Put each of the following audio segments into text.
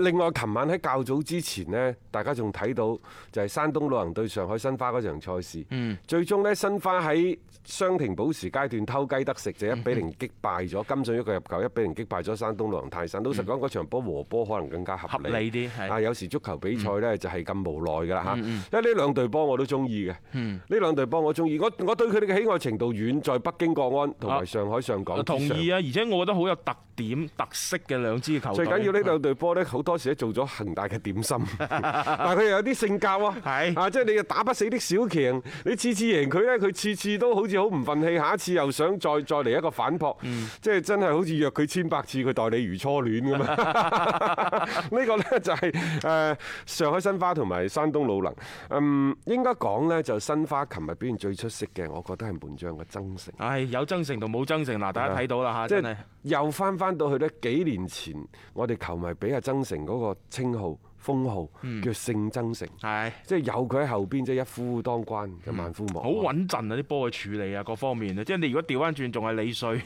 另外，琴晚喺較早之前呢，大家仲睇到就係山東魯能對上海申花嗰場賽事，嗯、最終呢，申花喺傷停補時階段偷雞得食，就一比零擊敗咗、嗯、金信煜一個入球，一比零擊敗咗山東魯能泰山。嗯、老實講，嗰場波和波可能更加合理啲，啊，有時足球比賽呢就係咁無奈㗎啦嚇，嗯、因為呢兩隊波我都中意嘅，呢、嗯、兩隊波我中意，我我對佢哋嘅喜愛程度遠在北京國安同埋上海上港之上、啊、同意啊，而且我覺得好有特點特色嘅兩支球隊。最緊要呢兩隊波呢。好多時都做咗恒大嘅點心， 但係佢又有啲性格喎，係啊是，即係你又打不死的小強，你次次贏佢咧，佢次次都好似好唔憤氣，下一次又想再再嚟一個反撲，嗯、即係真係好似虐佢千百次，佢待你如初戀咁啊！呢 個咧就係誒上海申花同埋山東魯能，嗯，應該講咧就申花琴日表現最出色嘅，我覺得係門將嘅曾誠。係有曾誠同冇曾誠，嗱大家睇到啦嚇，對真係的又翻翻到去咧幾年前，我哋球迷俾阿增城嗰個稱號。封號叫姓曾誠，嗯、是即係有佢喺後邊，即係一夫當，當關，萬夫莫。好、嗯、穩陣啊！啲波佢處理啊，各方面啊，即係你如果調翻轉，仲係李帥，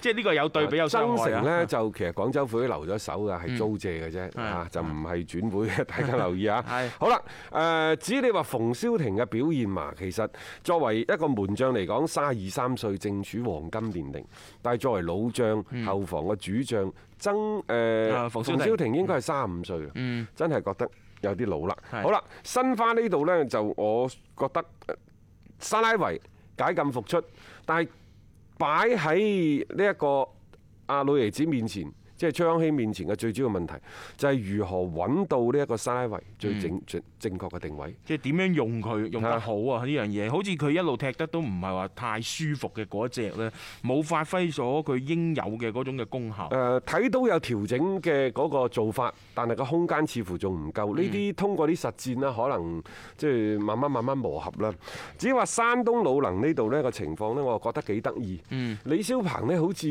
即係呢個係有對比有、啊。曾誠呢，就其實廣州府留咗手㗎，係租借嘅啫，嗯、就唔係轉會，大家留意啊。是好啦，誒、呃、至於你話馮蕭庭嘅表現嘛，其實作為一個門將嚟講，卅二三歲正處黃金年齡，但係作為老將後防嘅主將，曾誒、呃啊、馮蕭庭應該係卅五歲、嗯、真係係覺得有啲老啦，是的 好啦，申花呢度呢，就我覺得沙拉維解禁復出，但係擺喺呢一個阿老爺子面前。即係崔康熙面前嘅最主要問題就係如何揾到呢一個沙維、嗯、最正正正確嘅定位，即係點樣用佢用得好啊？呢樣嘢好似佢一路踢得都唔係話太舒服嘅嗰隻咧，冇發揮咗佢應有嘅嗰種嘅功效、呃。誒睇到有調整嘅嗰個做法，但係個空間似乎仲唔夠。呢啲、嗯、通過啲實戰啦，可能即係慢慢慢慢磨合啦。只要話山東魯能呢度呢個情況呢，我覺得幾得意。嗯、李霄鵬呢，好似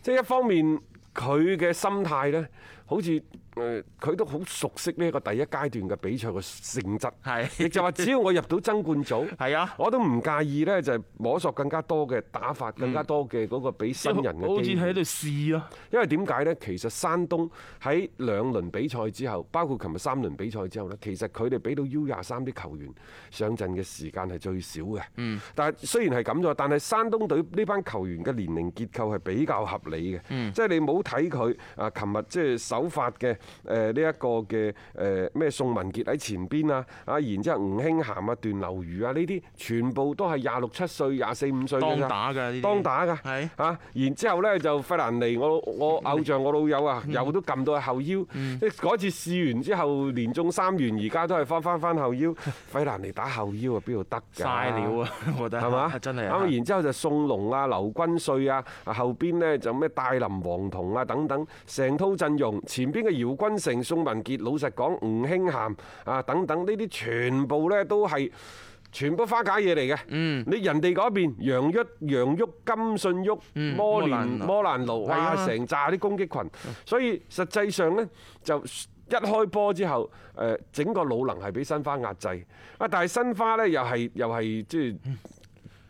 即係一方面。佢嘅心態呢好似誒佢都好熟悉呢一個第一階段嘅比賽嘅性質係，亦就話，只要我入到爭冠組係啊，的我都唔介意咧，就係、是、摸索更加多嘅打法，更加多嘅個個俾新人嘅、嗯、好似喺度試啊，因為點解咧？其實山東喺兩輪比賽之後，包括琴日三輪比賽之後咧，其實佢哋俾到 U 廿三啲球員上陣嘅時間係最少嘅。嗯，但係雖然係咁咗，但係山東隊呢班球員嘅年齡結構係比較合理嘅。嗯，即係你冇睇佢啊，琴日即係。首。首發嘅誒呢一個嘅誒咩宋文傑喺前邊啊，啊然之後吳興涵啊，段劉瑜啊，呢啲全部都係廿六七歲、廿四五歲，當打嘅，當打嘅係吓。然之後呢就費蘭尼，我我偶像我老友啊，又都撳到係後腰，即嗰次試完之後連中三元，而家都係翻翻翻後腰。費蘭尼打後腰啊，邊度得嘅？嘥料啊，我覺得係嘛吧真係啊。然之後，後就宋龍啊，劉軍帥啊，後邊呢就咩大林黃銅啊等等成套陣容。前邊嘅姚君成、宋文傑，老實講，吳興涵啊等等，呢啲全部咧都係全部花架嘢嚟嘅。嗯，你人哋嗰邊楊旭、楊旭、金信旭、摩蘭、摩蘭奴，哇，成扎啲攻擊羣。所以實際上咧，就一開波之後，誒，整個魯能係俾申花壓制啊。但係申花咧又係又係即係。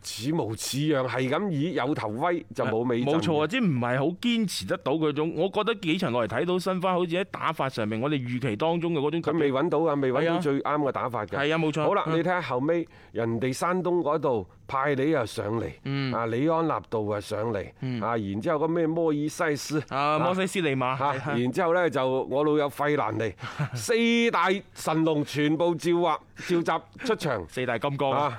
似模似樣，係咁以有頭威就冇尾，冇錯啊！即唔係好堅持得到嗰種，我覺得幾層落嚟睇到申花好似喺打法上面，我哋預期當中嘅嗰種。佢未揾到啊，未揾到最啱嘅打法嘅。係啊，冇錯。好啦，的你睇下後尾人哋山東嗰度。派你又上嚟，啊李安納度啊上嚟，啊、嗯、然之後個咩摩爾西斯啊摩西斯尼馬吓，啊、是然之後咧就我老友費蘭尼， 四大神龍全部召喚召集出場四大金剛啊，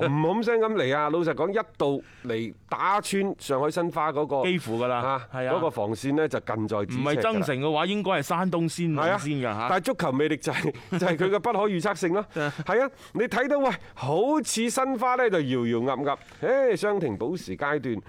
唔冇聲咁嚟啊轟轟！老實講一度嚟打穿上海申花、那個幾幾乎噶啦，啊，啊那個防線咧就近在咫尺。唔係增城嘅話應該係山東先係啊先噶嚇。但係足球魅力就係、是、就係佢嘅不可預測性咯。係 啊，你睇到喂，好似申花咧就搖搖。鴨鴨，唉，雙停保時階段，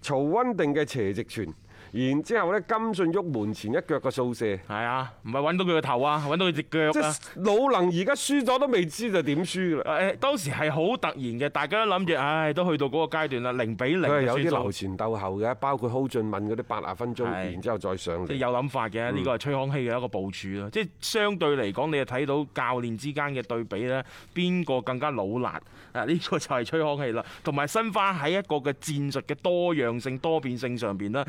曹温定嘅斜直傳。然之後咧，金信煜門前一腳嘅掃射，係啊，唔係揾到佢個頭找他的啊，揾到佢隻腳即係魯能而家輸咗都未知就點輸噶啦！誒、哎，當時係好突然嘅，大家都諗住，唉、哎，都去到嗰個階段啦，零比零。佢係有啲留前鬥後嘅，包括蒿俊閔嗰啲八啊分鐘，是然之後再上嚟。即係有諗法嘅，呢、這個係崔康熙嘅一個部署咯。即係相對嚟講，你又睇到教練之間嘅對比呢，邊個更加老辣？嗱，呢個就係崔康熙啦，同埋申花喺一個嘅戰術嘅多樣性、多變性上邊啦。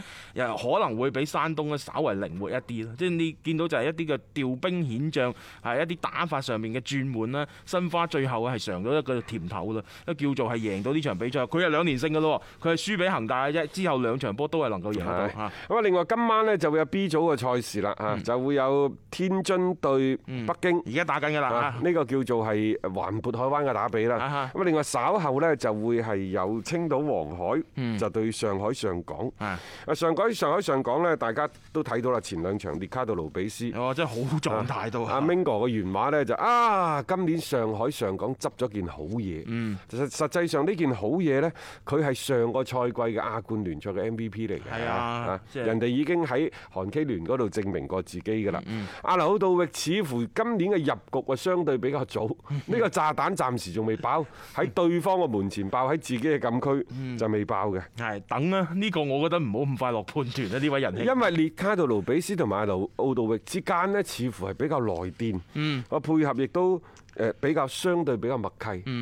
可能會比山東咧稍微靈活一啲咯，即係你見到就係一啲嘅調兵遣將，係一啲打法上面嘅轉換啦。申花最後係嘗到一個甜頭啦，都叫做係贏到呢場比賽。佢係兩連勝嘅咯，佢係輸俾恒大嘅啫。之後兩場波都係能夠贏到。咁啊，另外今晚呢就會有 B 組嘅賽事啦，啊就會有天津對北京，而家打緊嘅啦。呢個叫做係環渤海灣嘅打比啦。咁另外稍後呢就會係有青島黃海就對上海上港。上海。上海上港呢，大家都睇到啦。前兩場列卡杜盧比斯哦，真係好狀態到阿 Mingo 嘅原話呢、就是，就啊，今年上海上港執咗件好嘢。嗯，實實際上呢件好嘢呢，佢係上個賽季嘅亞冠聯賽嘅 MVP 嚟嘅。係啊，就是、人哋已經喺韓 K 聯嗰度證明過自己㗎啦。嗯嗯阿劉道域似乎今年嘅入局啊，相對比較早。呢 個炸彈暫時仲未爆喺對方嘅門前，爆喺自己嘅禁區就未爆嘅、嗯。係等啦，呢、這個我覺得唔好咁快落判。團呢位人兄，因為列卡度盧比斯同埋路奧杜域之間呢，似乎係比較內電。嗯，我配合亦都。誒比較相對比較默契，喺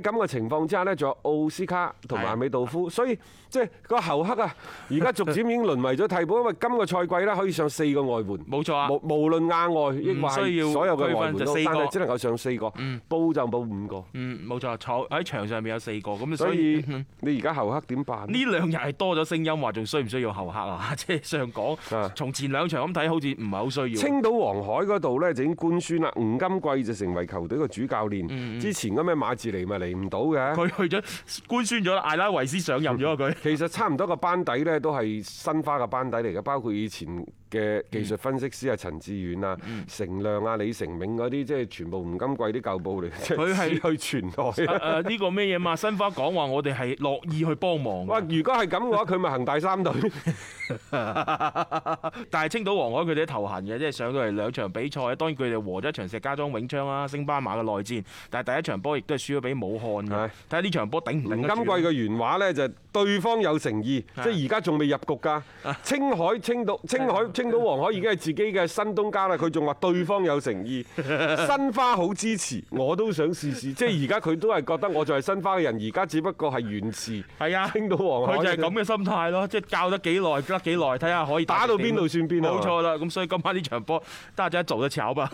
咁嘅情況之下咧，仲有奧斯卡同埋阿美道夫，所以即係個侯克啊，而家逐漸已經淪為咗替補，因為今個賽季咧可以上四個外援，冇錯啊，無論亞外亦或所有嘅外援都，但係只能夠上四個，報就報五個，嗯，冇錯，坐喺場上面有四個，咁所以你而家侯克點辦？呢兩日係多咗聲音話，仲需唔需要侯克啊？即係上港從前兩場咁睇，好似唔係好需要。青島黃海嗰度咧就已經官宣啦，吳金貴就成為球隊。個主教練之前嗰咩馬治尼咪嚟唔到嘅，佢去咗官宣咗艾拉維斯上任咗佢。其實差唔多個班底咧都係申花嘅班底嚟嘅，包括以前。嘅技術分析師啊，陳志遠啊、成亮啊、李成銘嗰啲，即係全部吳金貴啲舊報嚟。佢係去傳代。呢個咩嘢嘛？申花講話我哋係樂意去幫忙。哇！如果係咁嘅話，佢咪恒大三隊？但係青島黃海佢哋頭痕嘅，即係上到嚟兩場比賽，當然佢哋和咗一場石家莊永昌啊、星巴馬嘅內戰，但係第一場波亦都係輸咗俾武漢嘅。睇下呢場波頂唔頂得？吳金貴嘅原話呢，就對方有誠意，即係而家仲未入局㗎。青海青島青海。青島黃海已經係自己嘅新東家啦，佢仲話對方有誠意，申花好支持，我都想試試。即係而家佢都係覺得我仲係申花嘅人，而家只不過係延遲。係啊的，青島黃海，佢就係咁嘅心態咯。即係教得幾耐得幾耐，睇下可以打到邊度算邊度。冇錯啦，咁吧所以今晚呢場波，大家走着瞧吧。